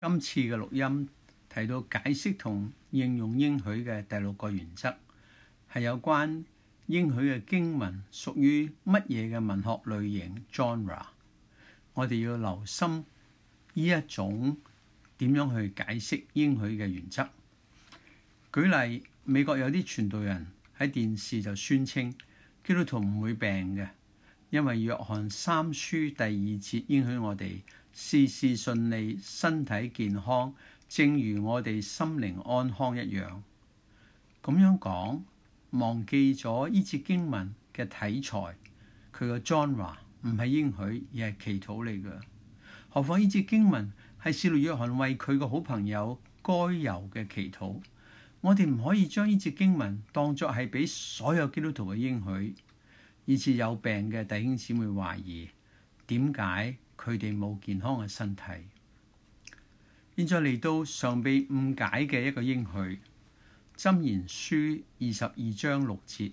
今次嘅錄音提到解釋同應用應許嘅第六個原則，係有關應許嘅經文屬於乜嘢嘅文學類型 （genre）。我哋要留心呢一種點樣去解釋應許嘅原則。舉例，美國有啲傳道人喺電視就宣稱，基督徒唔會病嘅，因為約翰三書第二節應許我哋。事事順利，身體健康，正如我哋心靈安康一樣。咁樣講，忘記咗呢節經文嘅體裁，佢個 genre 唔係應許，而係祈禱嚟嘅。何況呢節經文係使徒約翰為佢個好朋友該有嘅祈禱。我哋唔可以將呢節經文當作係俾所有基督徒嘅應許，以致有病嘅弟兄姊妹懷疑點解。佢哋冇健康嘅身體。現在嚟到常被誤解嘅一個應許，《箴言書》二十二章六節，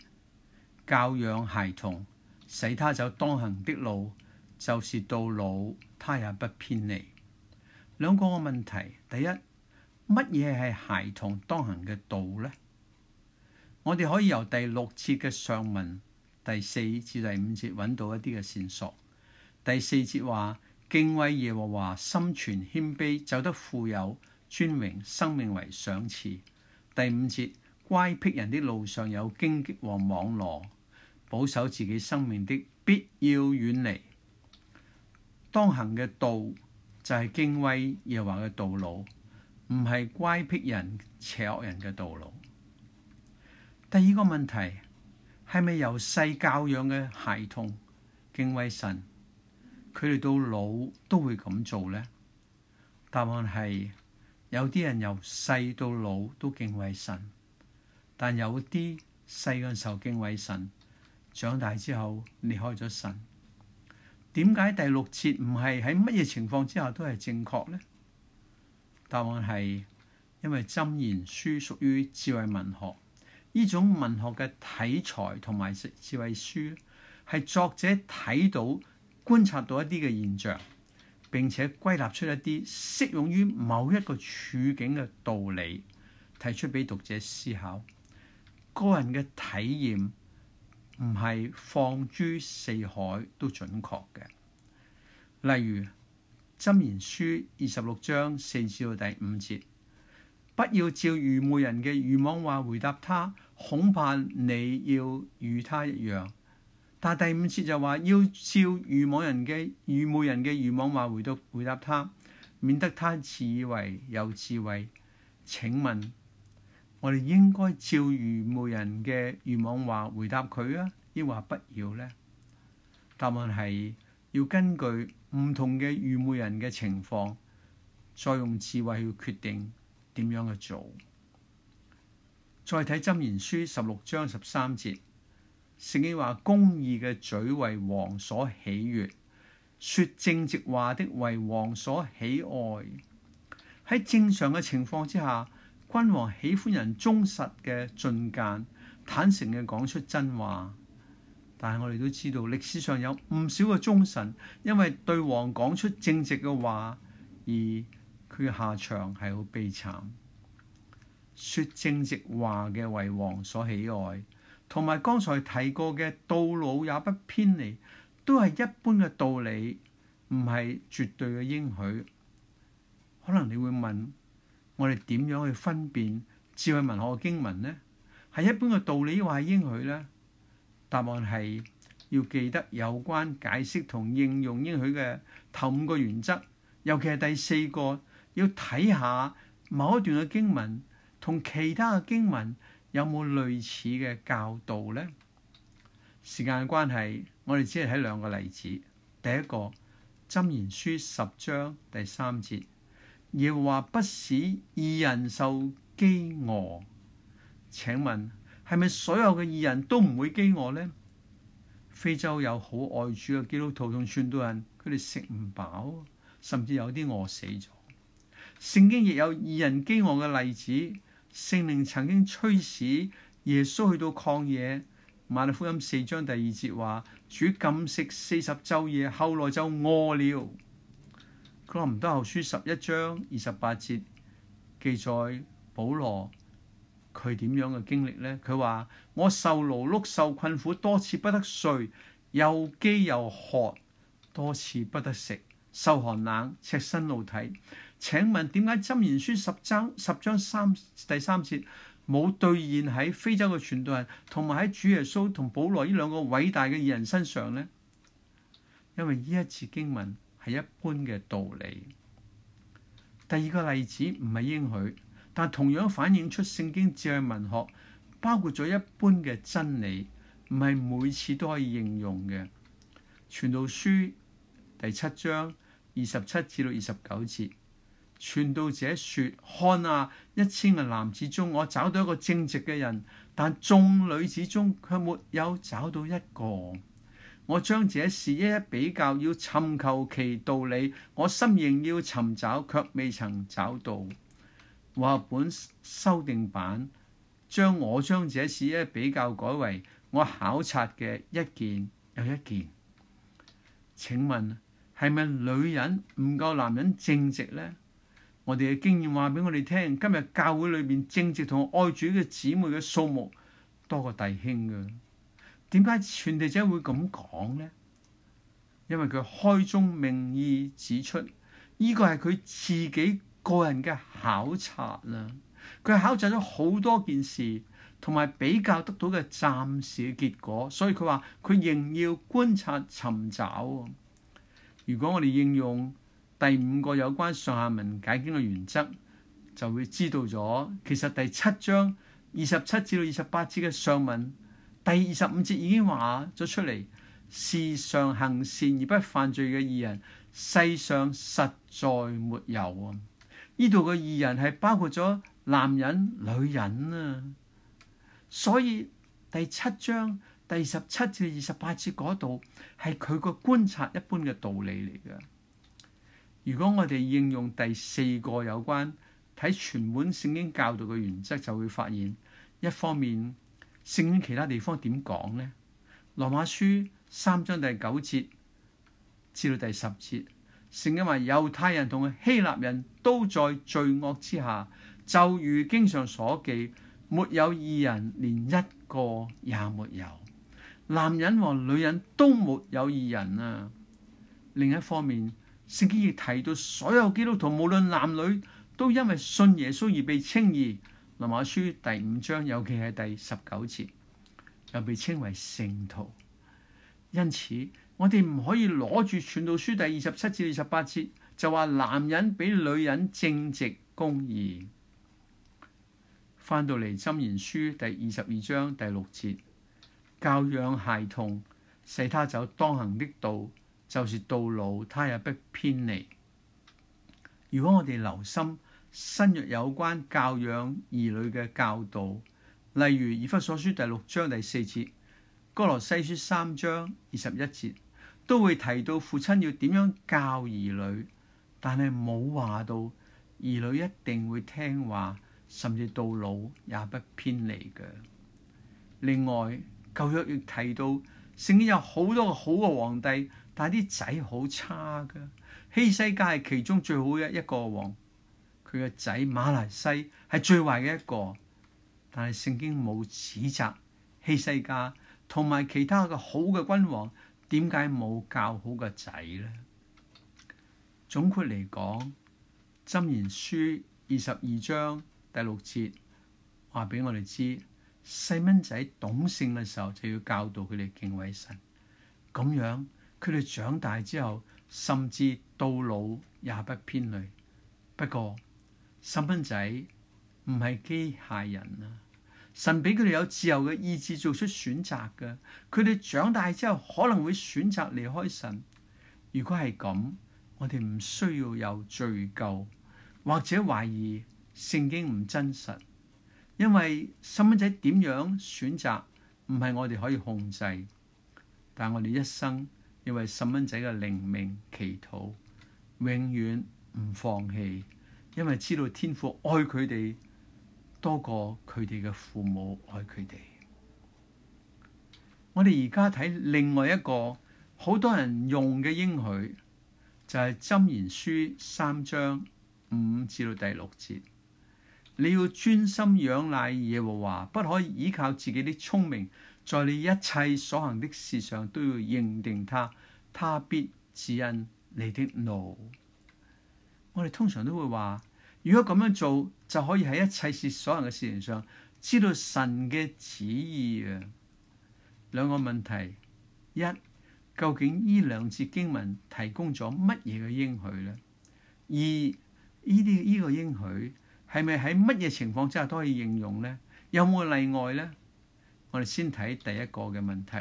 教養孩童，使他走當行的路，就是到老，他也不偏離。兩個嘅問題，第一，乜嘢係孩童當行嘅道呢？我哋可以由第六節嘅上文第四至第五節揾到一啲嘅線索。第四節話，敬畏耶和華，心存謙卑，就得富有尊榮，生命為賞賜。第五節，乖僻人的路上有荊棘和網羅，保守自己生命的必要遠離。當行嘅道就係敬畏耶和華嘅道路，唔係乖僻人邪惡人嘅道路。第二個問題，係咪由細教養嘅孩童敬畏神，佢哋到老都會咁做咧？答案係有啲人由細到老都敬畏神，但有啲細嘅時候敬畏神，長大之後離開咗神。點解第六節唔係喺乜嘢情況之下都係正確咧？答案係因為箴言書屬於智慧文學，呢種文學嘅體裁同埋智智慧書係作者睇到。觀察到一啲嘅現象，並且歸納出一啲適用於某一個處境嘅道理，提出俾讀者思考。個人嘅體驗唔係放諸四海都準確嘅。例如《箴言書》二十六章四至到第五節：「不要照愚昧人嘅愚妄話回答他，恐怕你要與他一樣。」但第五節就話要照愚妄人嘅愚昧人嘅愚妄話回答回答他，免得他自以為有智慧。請問我哋應該照愚昧人嘅愚妄話回答佢啊，抑或不要呢？答案係要根據唔同嘅愚昧人嘅情況，再用智慧去決定點樣去做。再睇《箴言書》十六章十三節。聖經話公義嘅嘴為王所喜悅，說正直話的為王所喜愛。喺正常嘅情況之下，君王喜歡人忠實嘅進諫，坦誠嘅講出真話。但係我哋都知道，歷史上有唔少嘅忠臣，因為對王講出正直嘅話，而佢嘅下場係好悲慘。說正直話嘅為王所喜愛。同埋剛才提過嘅道路也不偏離，都係一般嘅道理，唔係絕對嘅應許。可能你會問，我哋點樣去分辨智慧文學嘅經文呢？係一般嘅道理，抑或係應許呢？答案係要記得有關解釋同應用應許嘅頭五個原則，尤其係第四個，要睇下某一段嘅經文同其他嘅經文。有冇類似嘅教導呢？時間關係，我哋只係睇兩個例子。第一個《箴言書》十章第三節，耶和華不使義人受飢餓。請問係咪所有嘅義人都唔會飢餓呢？非洲有好愛主嘅基督徒同傳道人，佢哋食唔飽，甚至有啲餓死咗。聖經亦有義人飢餓嘅例子。聖靈曾經催使耶穌去到曠野，馬利福音四章第二節話：主禁食四十晝夜，後來就餓了。《哥林多後書》十一章二十八節記載，保羅佢點樣嘅經歷呢？佢話：我受勞碌、受困苦，多次不得睡，又飢又渴，多次不得食。受寒冷、赤身露體，請問點解《箴言書》十章十章三第三節冇兌現喺非洲嘅傳道人，同埋喺主耶穌同保羅呢兩個偉大嘅人身上呢？因為呢一次經文係一般嘅道理。第二個例子唔係應許，但同樣反映出聖經智慧文學包括咗一般嘅真理，唔係每次都可以應用嘅。《傳道書》第七章。二十七至到二十九節，傳道者說：看啊，一千個男子中，我找到一個正直嘅人，但眾女子中卻沒有找到一個。我將這事一一比較，要尋求其道理，我心仍要尋找，卻未曾找到。話本修訂版將我將這事一一比較改為我考察嘅一件又一件。請問？係咪女人唔夠男人正直咧？我哋嘅經驗話俾我哋聽，今日教會裏邊正直同愛主嘅姊妹嘅數目多過弟兄㗎。點解傳遞者會咁講咧？因為佢開宗明義指出，呢個係佢自己個人嘅考察啦。佢考察咗好多件事，同埋比較得到嘅暫時嘅結果，所以佢話佢仍要觀察尋找。如果我哋應用第五個有關上下文解經嘅原則，就會知道咗，其實第七章二十七至到二十八節嘅上文，第二十五節已經話咗出嚟，事上行善而不犯罪嘅義人，世上實在沒有啊！呢度嘅義人係包括咗男人、女人啊，所以第七章。第十七至二十八節嗰度係佢個觀察一般嘅道理嚟嘅。如果我哋應用第四個有關睇全本聖經教導嘅原則，就會發現一方面，聖經其他地方點講呢？羅馬書三章第九節至到第十節，聖經話猶太人同希臘人都在罪惡之下，就如經上所記，沒有義人，連一個也沒有。男人和女人都沒有義人啊！另一方面，聖經亦提到所有基督徒無論男女都因為信耶穌而被稱義。羅馬書第五章尤其係第十九節，又被稱為聖徒。因此，我哋唔可以攞住傳道書第二十七至二十八節就話男人比女人正直公義。翻到嚟箴言書第二十二章第六節。教養孩童，使他走當行的道，就是到老他也不偏離。如果我哋留心新約有關教養兒女嘅教導，例如以弗所書第六章第四節、哥羅西書三章二十一節，都會提到父親要點樣教兒女，但係冇話到兒女一定會聽話，甚至到老也不偏離嘅。另外，舊約亦提到，聖經有好多個好嘅皇帝，但係啲仔好差㗎。希西家係其中最好嘅一個王，佢嘅仔馬來西係最壞嘅一個。但係聖經冇指責希西家同埋其他嘅好嘅君王點解冇教好個仔咧？總括嚟講，《箴言書》二十二章第六節話俾我哋知。細蚊仔懂性嘅時候就要教導佢哋敬畏神，咁樣佢哋長大之後甚至到老也不偏離。不過細蚊仔唔係機械人啊，神俾佢哋有自由嘅意志做出選擇嘅。佢哋長大之後可能會選擇離開神。如果係咁，我哋唔需要有罪疚或者懷疑聖經唔真實。因為細蚊仔點樣選擇唔係我哋可以控制，但我哋一生要為細蚊仔嘅靈命祈禱，永遠唔放棄，因為知道天父愛佢哋多過佢哋嘅父母愛佢哋。我哋而家睇另外一個好多人用嘅應許，就係《箴言書》三章五至到第六節。你要專心仰賴耶和華，不可以依靠自己的聰明，在你一切所行的事上都要認定他，他必指引你的路。我哋通常都會話：如果咁樣做，就可以喺一切事所行嘅事情上知道神嘅旨意啊。兩個問題：一、究竟呢兩節經文提供咗乜嘢嘅應許呢？二、呢啲呢個應許？係咪喺乜嘢情況之下都可以應用呢？有冇例外呢？我哋先睇第一個嘅問題。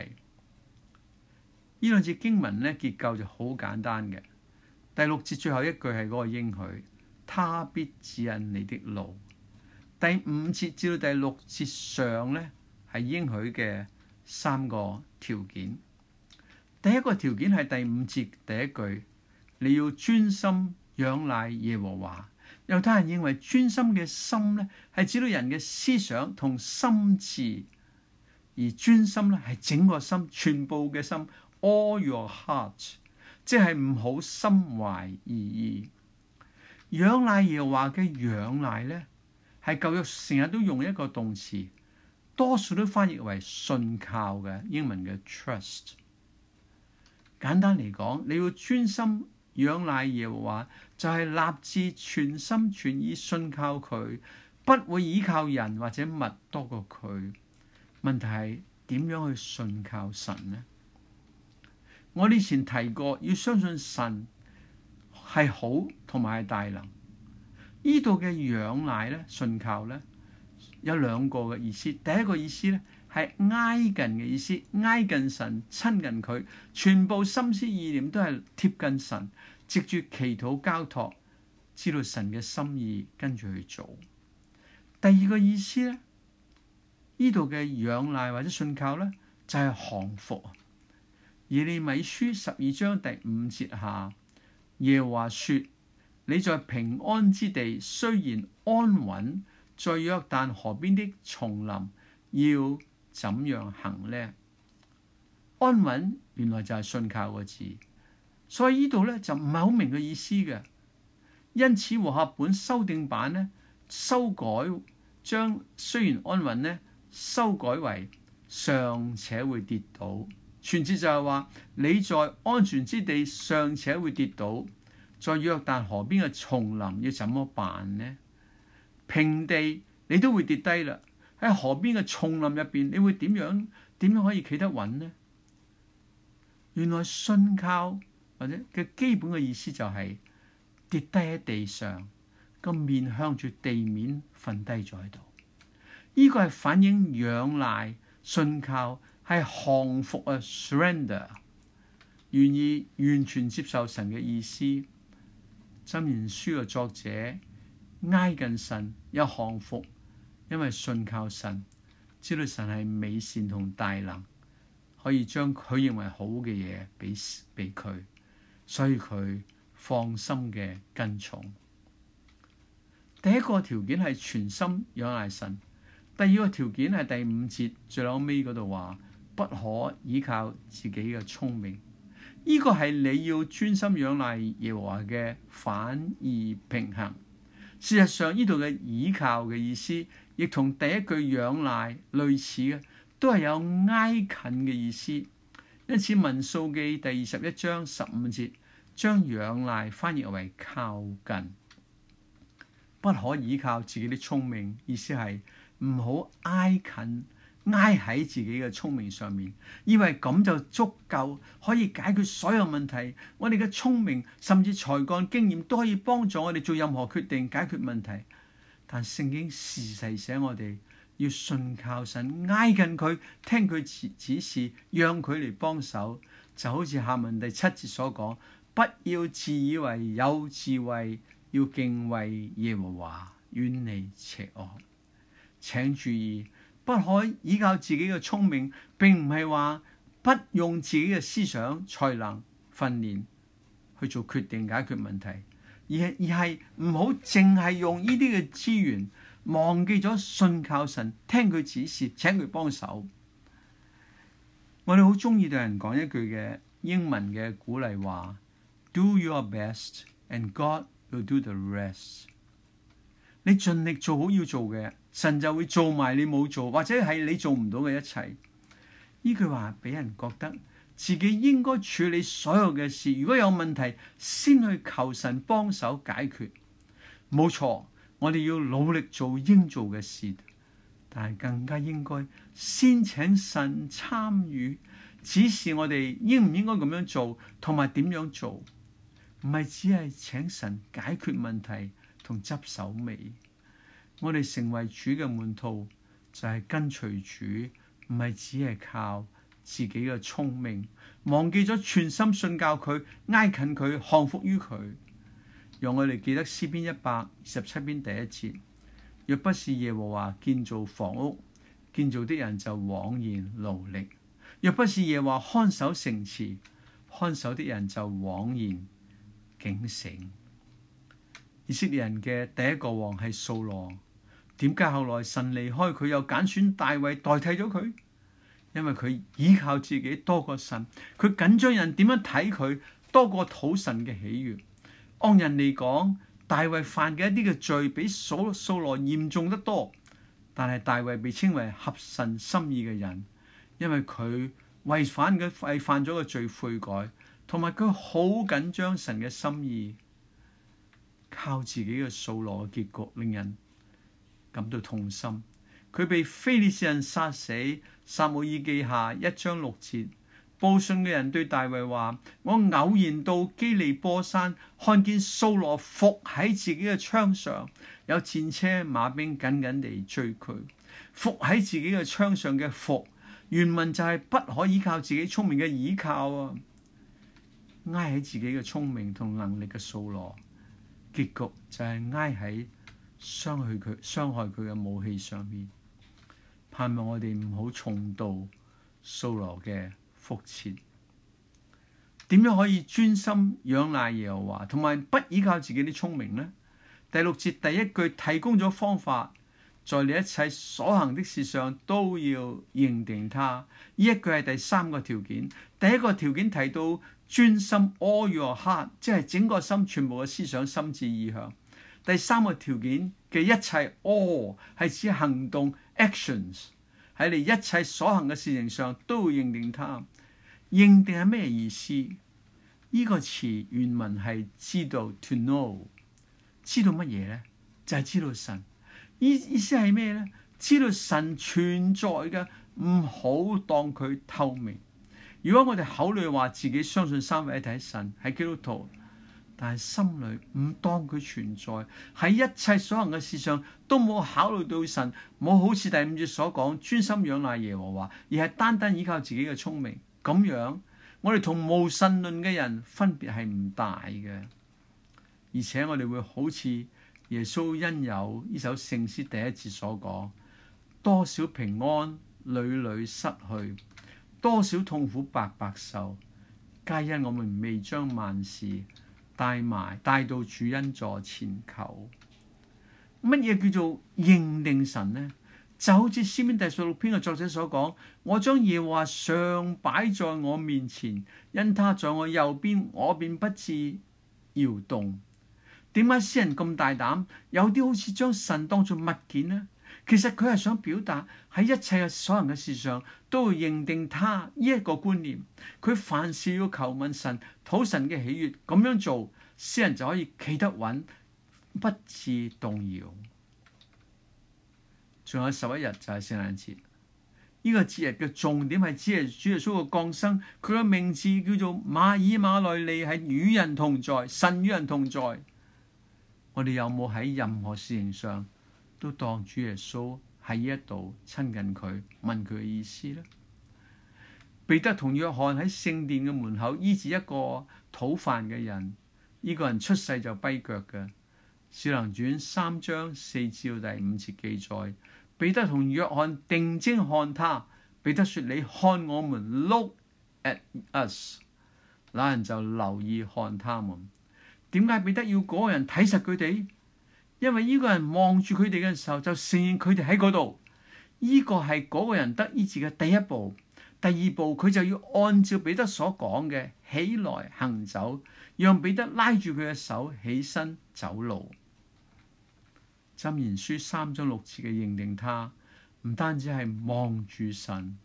呢兩節經文咧結構就好簡單嘅。第六節最後一句係嗰個應許，他必指引你的路。第五節至到第六節上咧係應許嘅三個條件。第一個條件係第五節第一句，你要專心仰賴耶和華。有啲人認為專心嘅心咧係指到人嘅思想同心智，而專心咧係整個心全部嘅心，All your heart，即係唔好心懷二意。仰賴耶和華嘅仰賴咧係舊約成日都用一個動詞，多數都翻譯為信靠嘅英文嘅 trust。簡單嚟講，你要專心。仰賴耶嘅話，就係、是、立志全心全意信靠佢，不會依靠人或者物多過佢。問題係點樣去信靠神呢？我以前提過，要相信神係好同埋係大能。呢度嘅仰賴」咧，信靠咧，有兩個嘅意思。第一個意思咧。係挨近嘅意思，挨近神，親近佢，全部心思意念都係貼近神，藉住祈禱交託，知道神嘅心意，跟住去做。第二個意思咧，呢度嘅仰賴或者信靠咧，就係、是、降服。耶利米書十二章第五節下，耶和華說：你在平安之地雖然安穩，在約旦河邊的叢林要。怎樣行呢？安穩原來就係信靠個字，所以呢度咧就唔係好明嘅意思嘅。因此和合本修訂版呢修改，將雖然安穩呢修改為尚且會跌倒，全節就係話，你在安全之地尚且會跌倒，在約旦河邊嘅叢林要怎麼辦呢？平地你都會跌低啦。喺河邊嘅松林入邊，你會點樣點樣可以企得穩呢？原來信靠或者嘅基本嘅意思就係、是、跌低喺地上，個面向住地面瞓低咗喺度。呢、這個係反映仰賴、信靠，係降服啊，surrender，願意完全接受神嘅意思。箴言書嘅作者挨近神，有降服。因為信靠神，知道神係美善同大能，可以將佢認為好嘅嘢俾俾佢，所以佢放心嘅跟從。第一個條件係全心仰賴神，第二個條件係第五節最後尾嗰度話，不可依靠自己嘅聰明，呢個係你要專心仰賴耶和華嘅反義平衡。事實上呢度嘅倚靠嘅意思。亦同第一句仰賴類似嘅，都係有挨近嘅意思。因此文《民數記》第二十一章十五節將仰賴翻譯為靠近。不可依靠自己啲聰明，意思係唔好挨近挨喺自己嘅聰明上面，以為咁就足夠可以解決所有問題。我哋嘅聰明甚至才幹經驗都可以幫助我哋做任何決定，解決問題。但聖經時時寫我哋要信靠神，挨近佢，聽佢指示，讓佢嚟幫手。就好似下文第七節所講，不要自以為有智慧，要敬畏耶和華，遠離邪惡。請注意，不可倚靠自己嘅聰明。並唔係話不用自己嘅思想，才能訓練去做決定解決問題。而而係唔好淨係用呢啲嘅資源，忘記咗信靠神，聽佢指示，請佢幫手。我哋好中意對人講一句嘅英文嘅鼓勵話：Do your best and God will do the rest。你盡力做好要做嘅，神就會做埋你冇做，或者係你做唔到嘅一切。呢句話俾人覺得。自己應該處理所有嘅事，如果有問題，先去求神幫手解決。冇錯，我哋要努力做應做嘅事，但係更加應該先請神參與，指示我哋應唔應該咁樣做，同埋點樣做，唔係只係請神解決問題，同執手尾。我哋成為主嘅門徒，就係跟隨主，唔係只係靠。自己嘅聰明，忘記咗全心信教佢，挨近佢，降服於佢。讓我哋記得詩篇一百二十七篇第一節：若不是耶和華建造房屋，建造的人就枉然勞力；若不是耶和華看守城池，看守的人就枉然警醒。以色列人嘅第一個王係掃羅，點解後來神離開佢，又揀選大衛代替咗佢？因為佢依靠自己多過神，佢緊張人點樣睇佢多過土神嘅喜悅。按人嚟講，大衛犯嘅一啲嘅罪比掃掃羅嚴重得多，但係大衛被稱為合神心意嘅人，因為佢違反佢係犯咗個罪悔改，同埋佢好緊張神嘅心意。靠自己嘅掃羅嘅結局令人感到痛心。佢被非利士人殺死。撒姆耳記下一章六折。報信嘅人對大衛話：我偶然到基利波山，看見蘇羅伏喺自己嘅槍上，有戰車馬兵緊緊地追佢。伏喺自己嘅槍上嘅伏，原文就係不可依靠自己聰明嘅倚靠啊！挨喺自己嘅聰明同能力嘅蘇羅，結局就係挨喺傷害佢傷害佢嘅武器上面。係咪我哋唔好重蹈掃羅嘅覆轍？點樣可以專心仰賴耶和華，同埋不依靠自己啲聰明呢？第六節第一句提供咗方法，在你一切所行的事上都要認定他。呢一句係第三個條件，第一個條件提到專心 all your heart，即係整個心全部嘅思想、心智、意向。第三個條件嘅一切 all 係指行動。Actions 喺你一切所行嘅事情上都會認定他。認定係咩意思？呢、這個詞原文係知道 to know，知道乜嘢咧？就係、是、知道神意意思係咩咧？知道神存在嘅，唔好當佢透明。如果我哋口裏話自己相信三位一體神喺基督徒。但係心裏唔當佢存在，喺一切所行嘅事上都冇考慮到神，冇好似第五節所講專心仰賴耶和華，而係單單依靠自己嘅聰明。咁樣我哋同無神論嘅人分別係唔大嘅，而且我哋會好似耶穌恩友呢首聖詩第一節所講：多少平安屢屢失去，多少痛苦白白受，皆因我們未將萬事。帶埋帶到主恩座前求，乜嘢叫做認定神呢？就好似詩篇第十六篇嘅作者所講：我將耶和華常擺在我面前，因他在我右邊，我便不至搖動。點解詩人咁大膽？有啲好似將神當做物件呢？其實佢係想表達喺一切嘅所有嘅事上，都會認定他呢一個觀念，佢凡事要求問神，討神嘅喜悅，咁樣做，先人就可以企得穩，不至動搖。仲有十一日就係聖誕節，呢個節日嘅重點係只係主耶穌嘅降生，佢嘅名字叫做馬爾馬內利，利，係與人同在，神與人同在。我哋有冇喺任何事情上？都當主耶穌喺呢一度親近佢，問佢嘅意思呢。彼得同約翰喺聖殿嘅門口醫治一個討飯嘅人，呢、這個人出世就跛腳嘅。《小良傳》三章四至第五節記載，彼得同約翰定睛看他，彼得說：你看我們 look at us，那人就留意看他們。點解彼得要嗰個人睇實佢哋？因為呢個人望住佢哋嘅時候，就承認佢哋喺嗰度。呢、這個係嗰個人得醫治嘅第一步，第二步佢就要按照彼得所講嘅起來行走，讓彼得拉住佢嘅手起身走路。箴言書三章六節嘅認定他，他唔單止係望住神。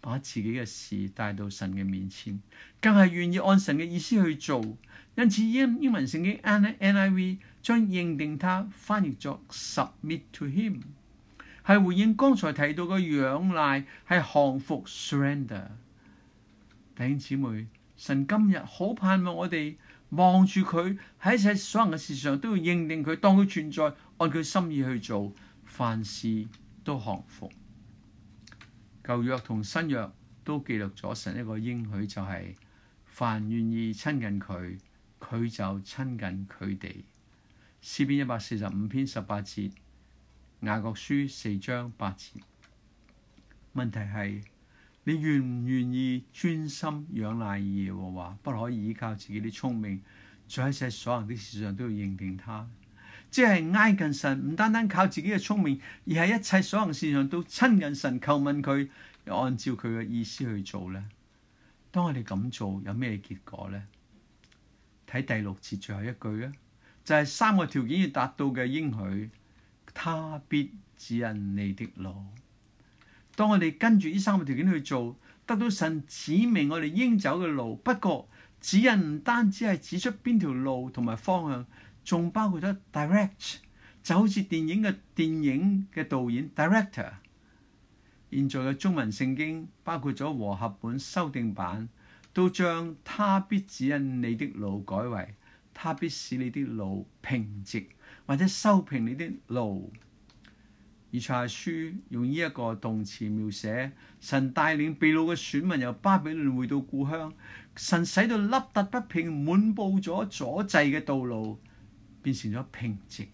把自己嘅事帶到神嘅面前，更係願意按神嘅意思去做。因此英英文聖經 NIV 將認定他翻譯作 submit to him，係回應剛才提到嘅仰賴係降服 surrender。弟兄姊妹，神今日好盼望我哋望住佢喺一切所行嘅事上都要認定佢，當佢存在，按佢心意去做，凡事都降服。舊約同新約都記錄咗神一個應許，就係、是、凡願意親近佢，佢就親近佢哋。詩篇一百四十五篇十八節，雅各書四章八節。問題係你願唔願意專心仰賴耶和華，不可以依靠自己啲聰明，在一切所有啲事上都要認定他。即係挨近神，唔單單靠自己嘅聰明，而係一切所有事上都親近神，叩問佢，按照佢嘅意思去做咧。當我哋咁做，有咩結果咧？睇第六節最後一句啊，就係、是、三個條件要達到嘅應許，他必指引你的路。當我哋跟住呢三個條件去做，得到神指明我哋應走嘅路。不過指引唔單止係指出邊條路同埋方向。仲包括咗 direct，就好似電影嘅電影嘅導演 director。現在嘅中文聖經包括咗和合本修訂版，都將他必指引你的路改為他必使你的路平直，或者修平你的路。以賽亞書用呢一個動詞描寫神帶領被擄嘅選民由巴比倫回到故鄉，神使到凹凸不平、滿布咗阻滯嘅道路，變成咗平靜，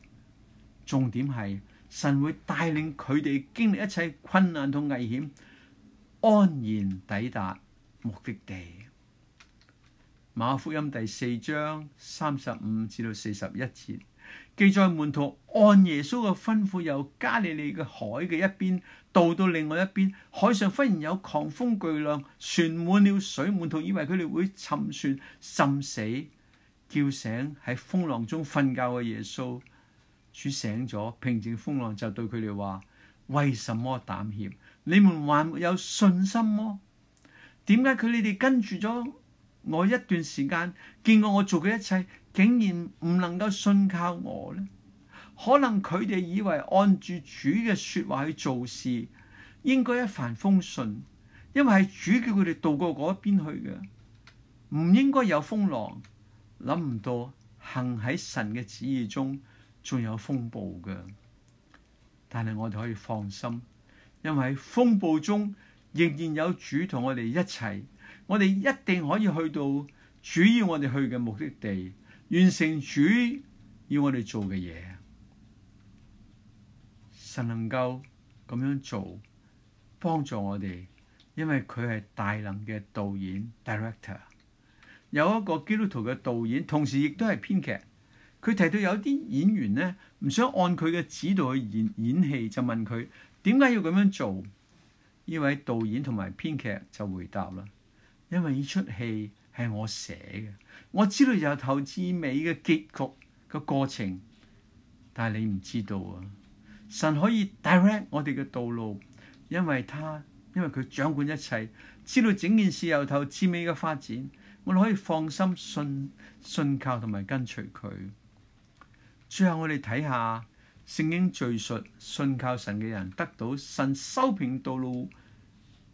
重點係神會帶領佢哋經歷一切困難同危險，安然抵達目的地。馬福音第四章三十五至到四十一節記載，門徒按耶穌嘅吩咐，由加利利嘅海嘅一邊渡到另外一邊，海上忽然有狂風巨浪，船滿了水，門徒以為佢哋會沉船，浸死。叫醒喺風浪中瞓覺嘅耶穌，主醒咗平靜風浪，就對佢哋話：為什麼膽怯？你們還沒有信心麼？點解佢你哋跟住咗我一段時間，見過我做嘅一切，竟然唔能夠信靠我呢？可能佢哋以為按住主嘅說話去做事，應該一帆風順，因為係主叫佢哋渡過嗰邊去嘅，唔應該有風浪。諗唔到，行喺神嘅旨意中仲有風暴㗎，但係我哋可以放心，因為喺風暴中仍然有主同我哋一齊，我哋一定可以去到主要我哋去嘅目的地，完成主要我哋做嘅嘢。神能夠咁樣做，幫助我哋，因為佢係大能嘅導演 （director）。有一個基督徒嘅導演，同時亦都係編劇，佢提到有啲演員呢，唔想按佢嘅指導去演演戲，就問佢點解要咁樣做？呢位導演同埋編劇就回答啦：因為呢出戲係我寫嘅，我知道由頭至尾嘅結局嘅過程，但係你唔知道啊！神可以 direct 我哋嘅道路，因為他因為佢掌管一切，知道整件事由頭至尾嘅發展。我哋可以放心信信靠同埋跟隨佢。最後我哋睇下聖經敘述，信靠神嘅人得到神修平道路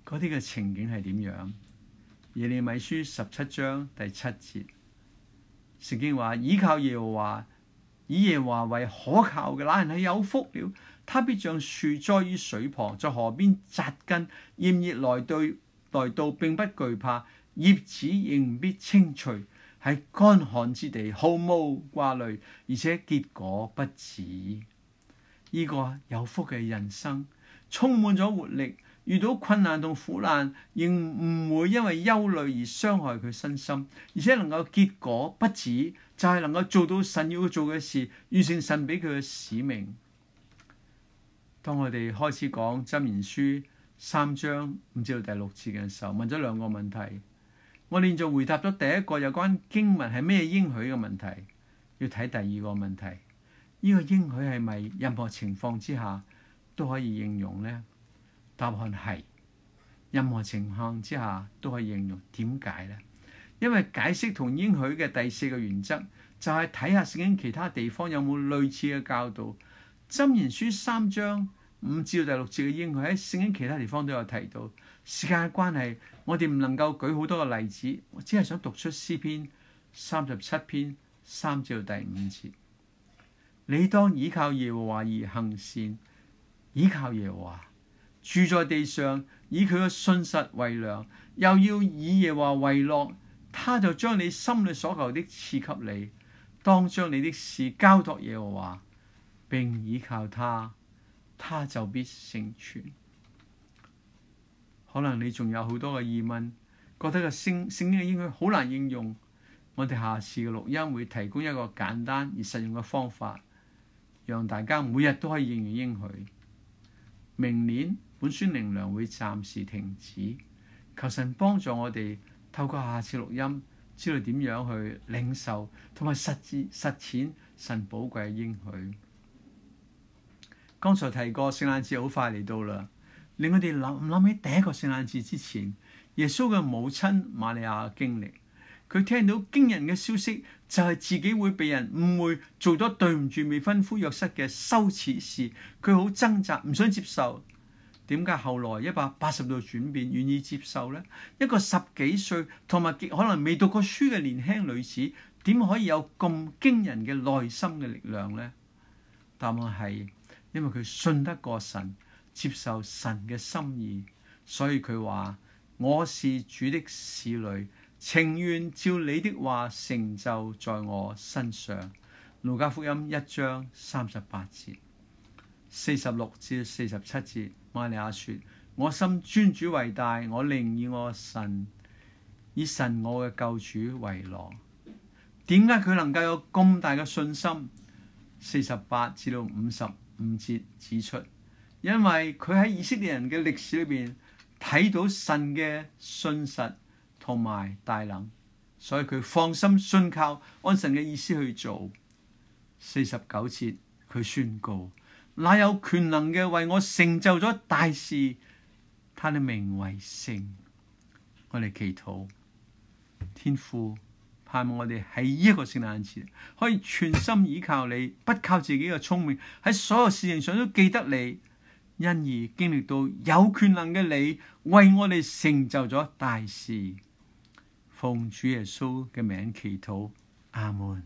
嗰啲嘅情景係點樣？耶利米書十七章第七節，聖經話：倚靠耶和華，以耶和華為可靠嘅，那人係有福了。他必像樹栽於水旁，在河邊紮根，炎熱來對來到，並不懼怕。葉子仍唔必清除，喺乾旱之地，毫無掛慮，而且結果不止呢、這個有福嘅人生，充滿咗活力。遇到困難同苦難，仍唔會因為憂慮而傷害佢身心，而且能夠結果不止，就係、是、能夠做到神要做嘅事，完成神俾佢嘅使命。當我哋開始講箴言書三章，唔知道第六節嘅時候，問咗兩個問題。我連續回答咗第一個有關經文係咩應許嘅問題，要睇第二個問題，呢、這個應許係咪任何情況之下都可以應用呢？答案係任何情況之下都可以應用。點解呢？因為解釋同應許嘅第四個原則就係睇下聖經其他地方有冇類似嘅教導。箴言書三章。五至到第六節嘅應許喺聖經其他地方都有提到。時間嘅關係，我哋唔能夠舉好多個例子，我只係想讀出詩篇三十七篇三至到第五節。你當倚靠耶和華而行善，倚靠耶和華住在地上，以佢嘅信實為糧，又要以耶和華為樂，他就將你心裡所求的賜給你。當將你的事交託耶和華，並倚靠他。他就必成全。可能你仲有好多嘅疑問，覺得個聖聖經嘅應許好難應用。我哋下次嘅錄音會提供一個簡單而實用嘅方法，讓大家每日都可以應用應許。明年本宣靈糧會暫時停止，求神幫助我哋透過下次錄音，知道點樣去領受同埋實，實踐實踐神寶貴嘅應許。剛才提過聖誕節好快嚟到啦，令我哋諗諗起第一個聖誕節之前，耶穌嘅母親瑪利亞嘅經歷，佢聽到驚人嘅消息，就係、是、自己會被人誤會，做咗對唔住未婚夫約瑟嘅羞恥事，佢好掙扎，唔想接受。點解後來一百八十度轉變，願意接受呢？一個十幾歲同埋可能未讀過書嘅年輕女子，點可以有咁驚人嘅內心嘅力量呢？答案係。因為佢信得過神，接受神嘅心意，所以佢話：我是主的使女，情願照你的話成就在我身上。路加福音一章三十八節、四十六至四十七節，瑪利亞說：我心尊主為大，我寧以我神以神我嘅救主為樂。點解佢能夠有咁大嘅信心？四十八至到五十。50, 五節指出，因為佢喺以色列人嘅歷史裏邊睇到神嘅信實同埋大能，所以佢放心信靠按神嘅意思去做。四十九節佢宣告：那有權能嘅為我成就咗大事？他的名為聖。我哋祈禱，天父。盼望我哋喺呢一個聖誕節可以全心倚靠你，不靠自己嘅聰明，喺所有事情上都記得你，因而經歷到有權能嘅你為我哋成就咗大事。奉主耶穌嘅名祈禱，阿門。